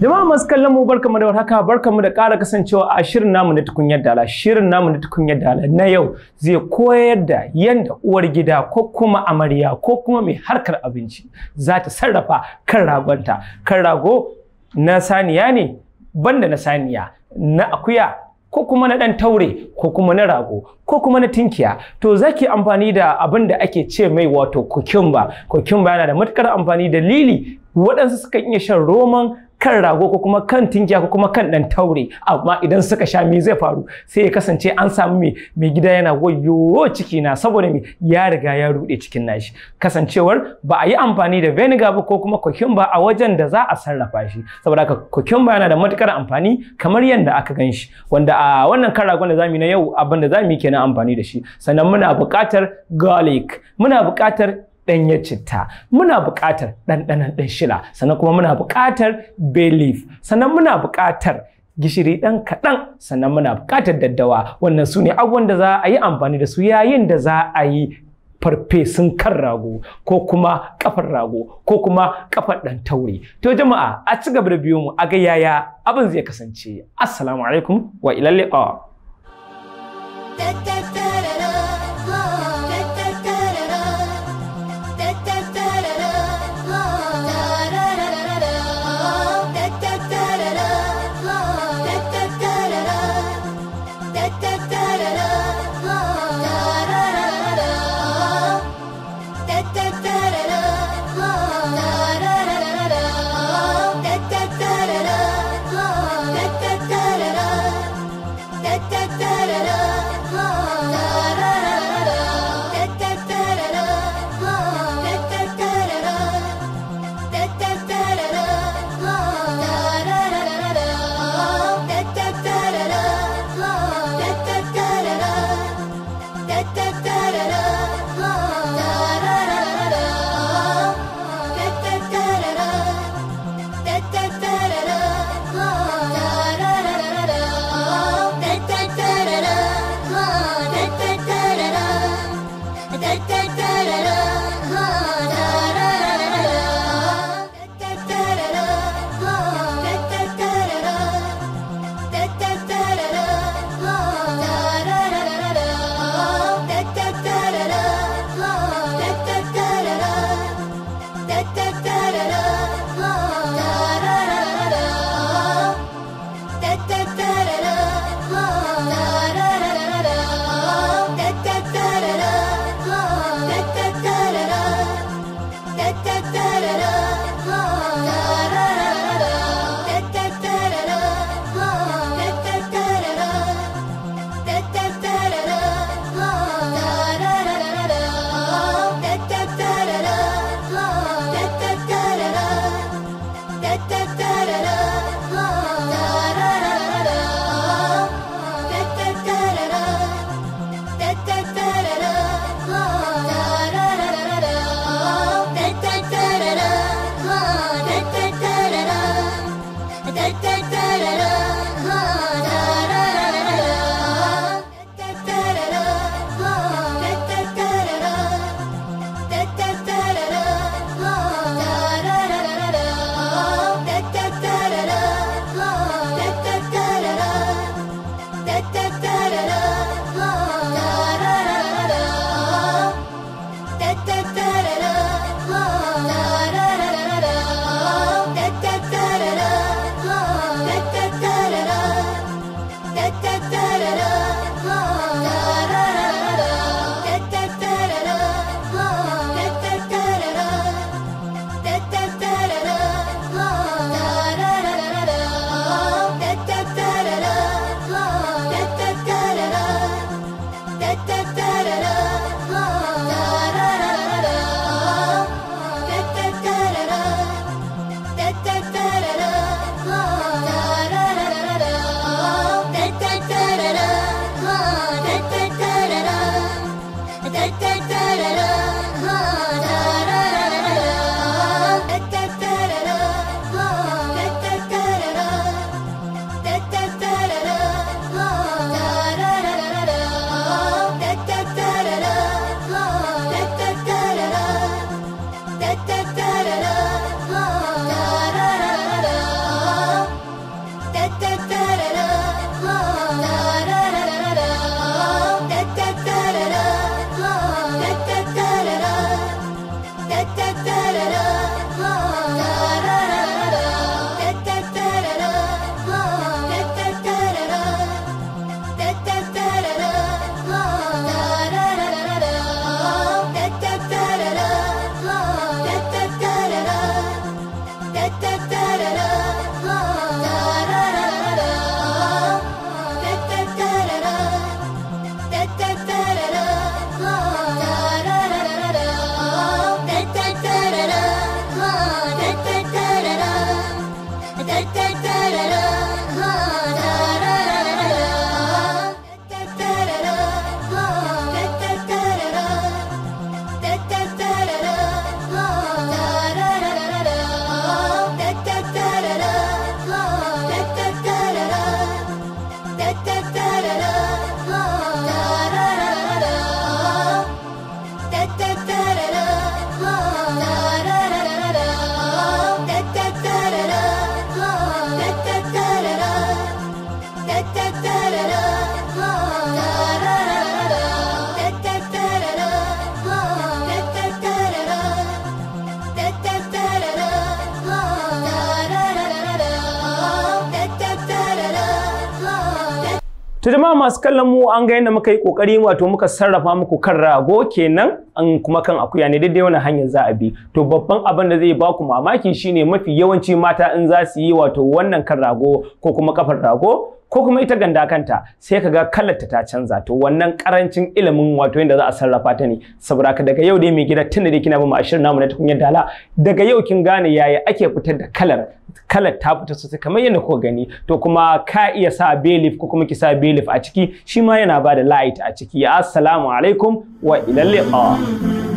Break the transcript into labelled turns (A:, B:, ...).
A: Jama'a masu kallon mu barkamu da warhaka mu da ƙara kasancewa a shirin namu na tukunyar dala shirin namu na tukunyar dala na yau zai koyar da yanda uwar gida ko kuma amarya ko kuma mai harkar abinci za ta sarrafa kan ragonta kan rago na saniya ne banda na saniya na akuya ko kuma na ɗan taure ko kuma na rago ko kuma na tinkiya to zaki amfani da abin da ake ce mai wato kokumba kokumba yana da matukar amfani da lili waɗansu suka iya shan roman kan rago ko kuma kan tinkiya ko kuma kan dan taure amma idan suka sha me zai faru sai ya kasance an samu me mai gida yana wayo ciki na saboda me ya riga ya rude cikin nashi kasancewar ba a yi amfani da vinegar ba ko kuma cucumber a wajen da za a sarrafa shi saboda haka cucumber yana da matukar amfani kamar yadda aka gan shi wanda a wannan kan ragon da zamu na yau abin da zamu kenan amfani da shi sannan muna buƙatar garlic muna buƙatar ɗanyen citta muna buƙatar ɗanɗanon ɗan shila sannan kuma muna buƙatar bay leaf sannan muna buƙatar gishiri ɗan kaɗan sannan muna buƙatar daddawa wannan su ne abubuwan da za a yi amfani da su yayin da za a yi farfesun kan rago ko kuma kafar rago ko kuma ƙafar ɗan taure to jama'a a ci gaba da biyo mu a ga yaya abin zai kasance assalamu alaikum wa ilal liqa
B: Yeah. da, da, da.
A: To jama'a masu kallon mu an ga yadda muka yi kokari wato muka sarrafa muku kan rago kenan an kuma kan akuya ne daidai wannan hanyar za a bi. To babban abin da zai baku mamaki shine mafi yawanci mata in za su yi wato wannan kan rago ko kuma kafar rago ko kuma ita ganda kanta sai ka ga kalarta ta canza to wannan karancin ilimin wato yanda za a sarrafa ta ne saboda ka daga yau dai mai gida tunda dai kina mu ashirin namu na tukunyar dala daga yau kin gane yaya ake fitar da kalar kalar ta fita sosai kamar yadda kuka gani to kuma ka iya sa belif ko kuma ki sa belif a ciki shi ma yana ba da light a ciki assalamu alaikum wa ilal liqa